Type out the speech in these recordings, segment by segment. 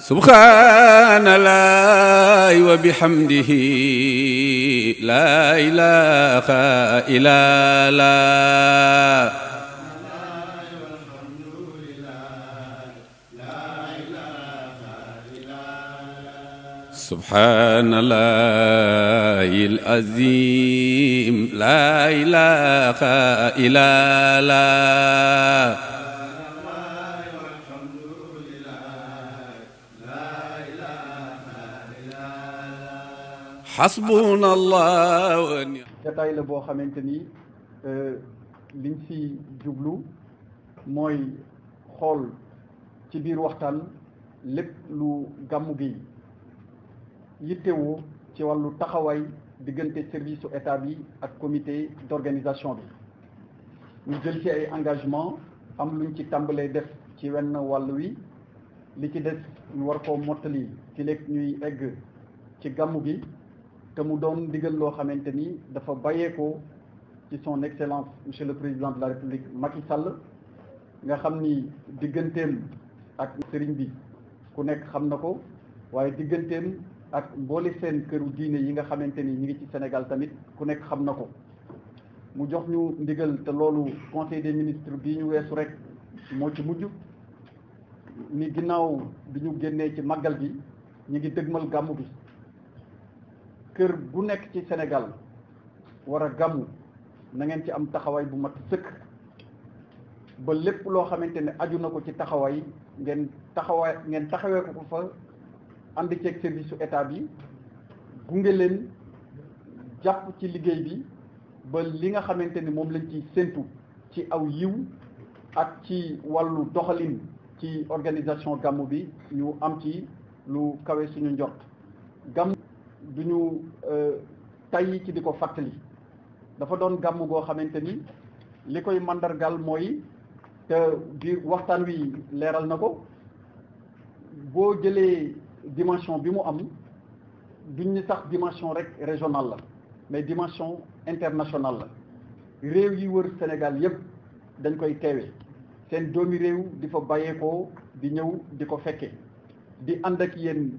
سبحان الله وبحمده لا إله إلا الله سبحان الله العظيم لا إله إلا الله hasbunallah wa ni jataay la boo xamante ni euh, liñ ci jublu mooy xool ci biir waxtaan lépp lu gàmmu gi yittewoo ci wàllu taxawaay diggante service su état bi ak comité d'organisation bi ñu jël ci ay engagement am luñ ci tàmbalee def ci wenn wàll wi li ci des ñu war koo mottali ci léeg ñuy egg ci gàmmu gi te mu doon ndigal loo xamante ni dafa bàyyeekoo ci son excellence monsieur le président de la république Macky Sall nga xam ni digganteem ak sëriñ bi ku nekk xam na ko waaye digganteem ak mboole seen këru diine yi nga xamante ni ñu ngi ci Sénégal tamit ku nekk xam na ko mu jox ñu ndigal te loolu conseil des ministres bii ñu weesu rek moo ci mujj ni ginnaaw bi ñu génnee ci màggal bi ñu ngi dëgmal gàmmu bi kër gu nekk ci Sénégal war a gàmmu na ngeen ci am taxawaay bu mat sëkk ba lépp loo xamante ne aju na ko ci taxawaay ngeen taxawaay ngeen taxawee ko fa ànd ceeg service su état bi gunge leen jàpp ci liggéey bi ba li nga xamante ni moom lañ ciy séntu ci aw yiw ak ci wàllu doxalin ci organisation gàmmu bi ñu am ci lu kawe suñu njort gàmmu du ñu euh, tayyi ci di ko fàttali dafa doon gàmm goo xamante ni li koy mandargal mooy te di waxtaan wi leeral na ko boo jëlee dimension bi mu am duñ ni sax dimension rek régionale la mais dimension international la réew yi wër Sénégal yépp dañ koy teewe seen doomi réew di fa bàyyeekoo di ñëw di ko fekkee di ànd ak yéen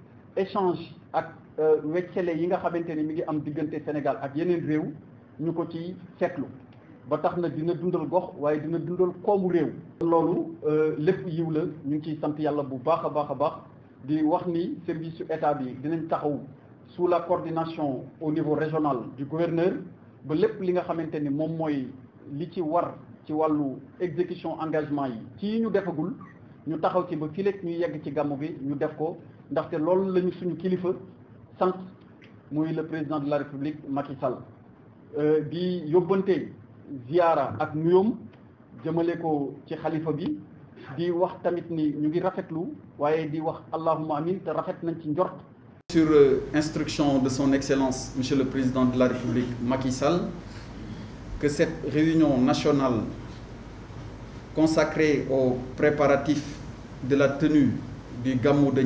échange ak euh, weccele yi nga xamante ni mi ngi am diggante Sénégal ak yeneen réew ñu ko ci seetlu ba tax na dina dundal gox waaye dina dundal koomu réew loolu euh, lépp yiw la ñu ngi ciy sant yàlla bu baax a baax a baax di wax ni service su état bi dinañ taxaw su la coordination au niveau régional du gouverneur ba lépp li nga xamante ni moom mooy li ci war ci wàllu exécution engagement yi ci ñu defagul ñu taxaw ci ba fileeg ñu yegg ci gàmmu bi ñu def ko ndaxte loolu lañu suñu kilifa sant muy le président de la république Macky Sall euh, di yóbbante ziyaara ak nuyoom jëmale ko ci xalifa bi di wax tamit ni ñu ngi rafetlu waaye di wax allahuma amin te rafet nañ ci njort. sur euh, instruction de son excellence monsieur le président de la république Macky Sall que cette réunion nationale consacrée aux préparatifs de la tenue du Gamou de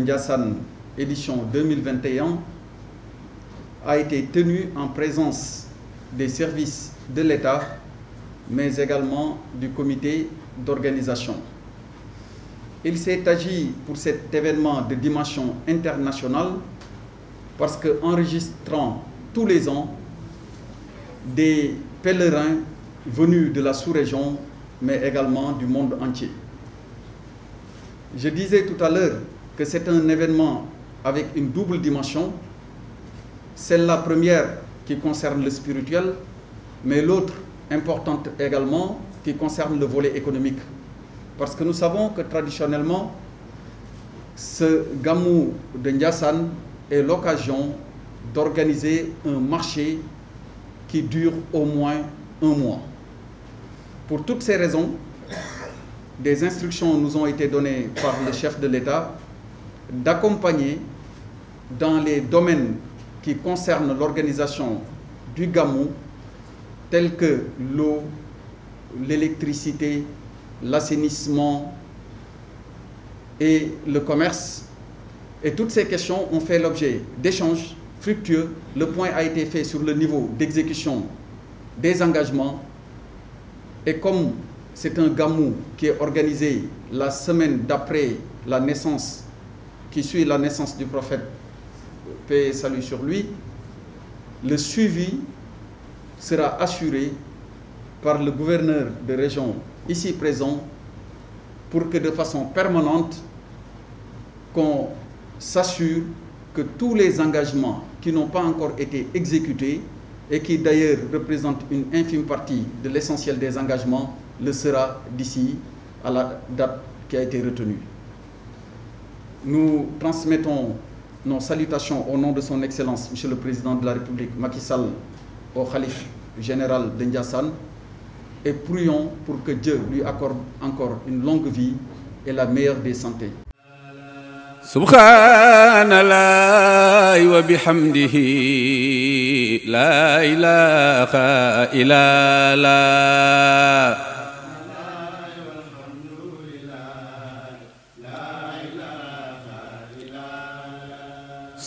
édition 2021, a été tenu en présence des services de l'État, mais également du comité d'organisation. Il s'est agi pour cet événement de dimension internationale parce qu'enregistrant tous les ans des pèlerins venus de la sous-région, mais également du monde entier. Je disais tout à l'heure que c'est un événement avec une double dimension. Celle la première qui concerne le spirituel, mais l'autre importante également qui concerne le volet économique. Parce que nous savons que traditionnellement, ce Gamou de Ndiassan est l'occasion d'organiser un marché qui dure au moins un mois. Pour toutes ces raisons, des instructions nous ont été données par le chef de l'État d'accompagner dans les domaines qui concernent l'organisation du GAMU, tels que l'eau, l'électricité, l'assainissement et le commerce. Et toutes ces questions ont fait l'objet d'échanges fructueux. Le point a été fait sur le niveau d'exécution des engagements. Et comme c'est un gamou qui est organisé la semaine d'après la naissance, qui suit la naissance du prophète, paix et salut sur lui. Le suivi sera assuré par le gouverneur de région ici présent pour que de façon permanente, qu'on s'assure que tous les engagements qui n'ont pas encore été exécutés et qui d'ailleurs représentent une infime partie de l'essentiel des engagements le sera d'ici à la date qui a été retenue. Nous transmettons nos salutations au nom de son Excellence, Monsieur le Président de la République, Macky Sall, au Khalif général de et prions pour que Dieu lui accorde encore une longue vie et la meilleure des santé.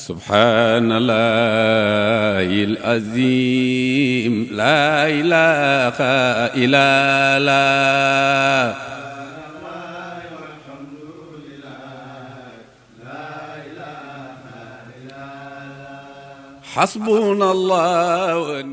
سبحان الله العظيم لا إله إلا الله حسبنا الله